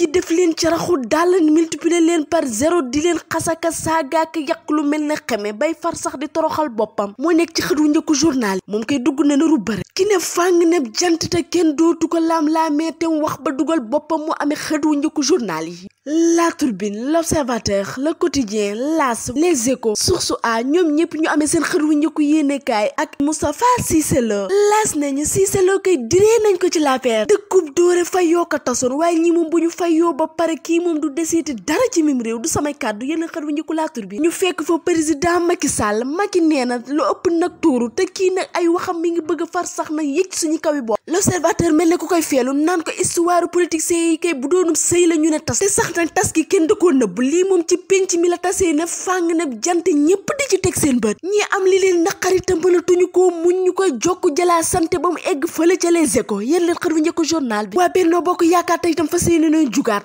qui def leen ci raxu dàll multiplier leen par zéro di leen xasaka saagaak yàq lu mel ne xeme bay far sax di toroxal boppam moo nekk ci xët wu njëkku journal moom koy dugg na naru bëri ki ne fàng ne jant te kenn dootu ko laam-laamee te wax ba dugal boppam mu amee xët wu njëkku journal yi La Tribune L'Observateur Le Quotidien L'As Les Échos su A ñoom ñëpp ñu amee seen xër wu njëkku yéenekaay ak Moustapha Cissé Lo L'As nañu Cissé Lo koy diree nañ ko ci l'affaire dëkkub dóore fayoo ko tasoon waaye ñi bu ñu fayoo ba pare kii moom du deseeti dara ci mim réew du samay kàddu yéen a xar wi njëkkulaatur bi ñu fekk fa président Macky Sall nee na lu ëpp nag tuuru te kii nag ay waxam mi ngi bëgg a sax na yëg suñu kaw yi bopp l'observateur mel ne ku koy feelu naan ko histoire politique sey kay bu doonum ñu ne tas te sax nag tas gi kenn da koo nëbb lii moom ci penc mi la tasee ne fàng na jant ñëpp di ci ñi am li leen naqari te mënatuñu ko muñ ñu koy jokk jëlaa sante ba mu egg fële ca les échos yéen leen xar wi njëkk journal bi waa Benno Bokk Yaakaar te itam fas yéene nañ jugaat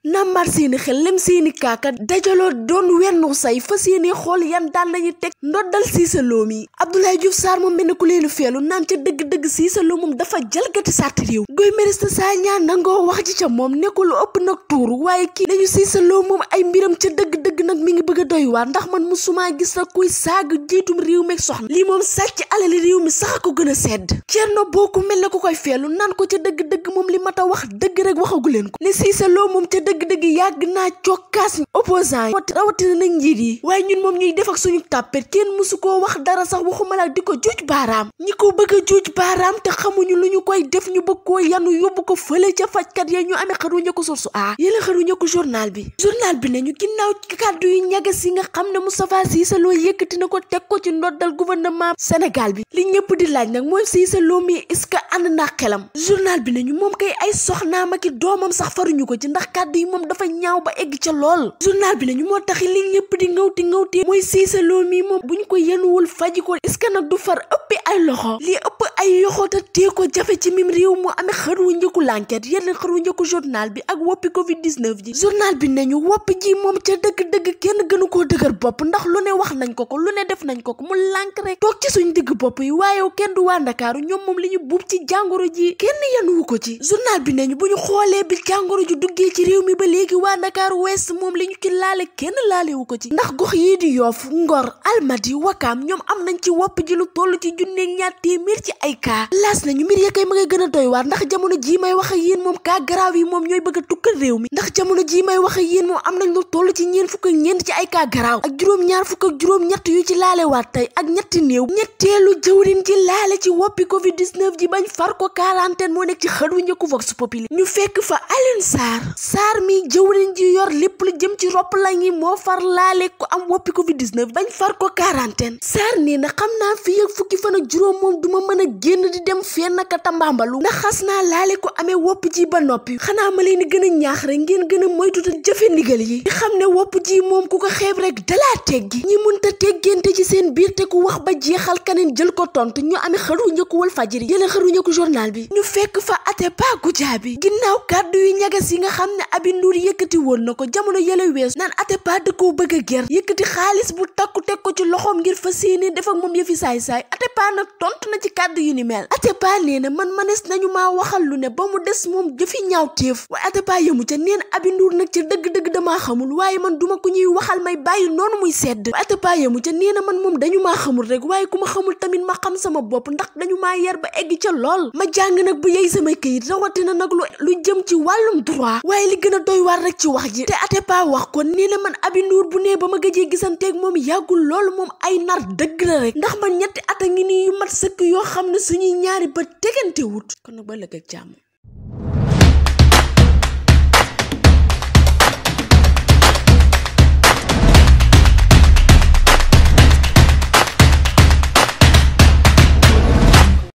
nambar seeni xel lem seeni kaaka dajaloo doon wennu say fas yéene xool yan daan lañuy teg ndoddal Cissé Lo mi Abdoulaye Diouf Sarr moom mel ne ku leenu feelu naan ca dëgg-dëgg Cissé Lo moom dafa jalgati sàrt réew Guy Marius Sagna nangoo wax ji ca moom nekkul ëpp nag tuuru waaye kii dañu Cissé Lo moom ay mbiram ca dëgg-dëgg nag mi ngi bëgg a doy waar ndax man musuma gis nag kuy saag jiitum réew meeg soxna lii moom sàcc alali réew mi sax ko gën a sedd Thierno Bocoum mel na ku koy feelu naan ko ca dëgg-dëgg moom li mat a wax dëgg rek waxagu leen ko ne Cissé moom ca dëgg-dëgg yàgg naa cokkaas opposant yi rawatina nag njiit yi waaye ñun moom ñuy def ak suñu tàppet kenn mësu koo wax dara sax waxuma la di ko juuj baaraam ñi ko bëgg a juuj baaraam te xamuñu lu ñu koy def ñu bëgg koo yanu yóbbu ko fële ca fajkat ya ñu amee xaru ñëkku source a yéla xaru ñëkku journal bi journal bi nañu ginnaaw kàddu yu ñagas yi nga xam ne Moustapha Cissé yëkkati na ko teg ko ci ndoddal gouvernement Sénégal bi li ñëpp di laaj yi moom dafa ñaaw ba egg ca lool journal bi nañu moo tax li ñëpp di ngawti ngawti mooy Cissé Lo mii moom bu buñ ko yenuwul faji ko est-ce que nag du far ëppi ay loxo lii ëpp ay yoxoo te tee ko jafe ci mim réew mu amee xaru njëkku l'enquête yeneen xaru njëkku journal yenn ak woppi covid 19 ji journal bi nañu wopp ji moom ca dëgg-dëgg kenn gënu koo dëgër bopp ndax lu ne wax nañ ko ko lu ne def nañ ko ko mu lànk rek toog ci suñ digg bopp yi waaye kenn du waa ndakaaru ñoom moom li ñu buub ci jàngoro ji kenn yenuwu ko ci journal bi nañu ñu xoolee bi jàngoro ji mi ba léegi waa Dakar West moom li ñu ci laale kenn laalewu ko ci ndax gox yii di Yoff Ngor Almadi Wakaam ñoom am nañ ci wopp ji lu toll ci junne ñaar téeméer ci ay cas laas nañu mbir ya ma ngay gën a doy jamono jii may wax ak yéen moom cas yi moom ñooy bëgg a tukkal réew mi ndax jamono jii may wax ak yéen am nañ lu toll ci ñeent fukk ak ci ay cas grave ak juróom-ñaar fukk ak juróom-ñett yu ci laalewaat tey ak ñetti néew ñetteelu jëwrin ci laale ci woppi covid 19 ji bañ far ko quarantaine moo nekk ci xët wu njëkku vox populi ñu fekk fa Alioune Sarr Sarr mi jëwriñ ji yor lépp lu jëm ci roppalaan yi moo far laale ku am woppi covid 19 bañ far ko quarantaine Sarr nii na xam naa fi ak fukki fan ak juróom moom ma mën a génn di dem fenn naka tambaambalu ndax xas naa laale ko amee wopp ji ba noppi xanaa ma leen di gën a ñaax rek ngeen gën a moytu te jëfe ndigal yi di xam ne wopp ji moom ku ko xeeb rek dalaa teggi ñi munta teggente ci seen biir te ku wax ba jeexal kaneen jël ko tontu ñu amee xaru ñëkku wal fajiri fa ate pa gujaa bi ginnaaw kàddu yu ñagas yi nga Aby Ndour yëkkati woon na ko jamono yële wees naan Atépa da koo bëgg a ger yëkkati xaalis bu takku teg ko ci loxoom ngir fas yéene def ak moom yëfi saay-saay Atépa nag tontu na ci kàddu yu ni mel Atépa nee na man manes nañu maa waxal lu ne ba mu des moom jëfi ñaaw téef waaye Atépa yëmu ca neen Aby Ndour nag ca dëgg-dëgg damaa xamul waaye man duma ko ñuy waxal may bàyyi noonu muy sedd Atépa yëmu ca nee na man moom dañu maa xamul rek waaye ku ma tamit ma xam sama bopp ndax dañu maa yar ba egg ca lool ma jàng nag bu yey samay këyit rawatina nag lu jëm ci wàllum gën a doy waar rek ci wax ji te Atépa wax ko nee la man Aby Ndour bu nee ba ma gëjee gisanteeg moom yàggul loolu moom ay nar dëgg la rek ndax man ñetti at a ngi nii yu mat sëkk yoo xam ne suñuy ñaari ba tegante wut kon nag ba lëg ak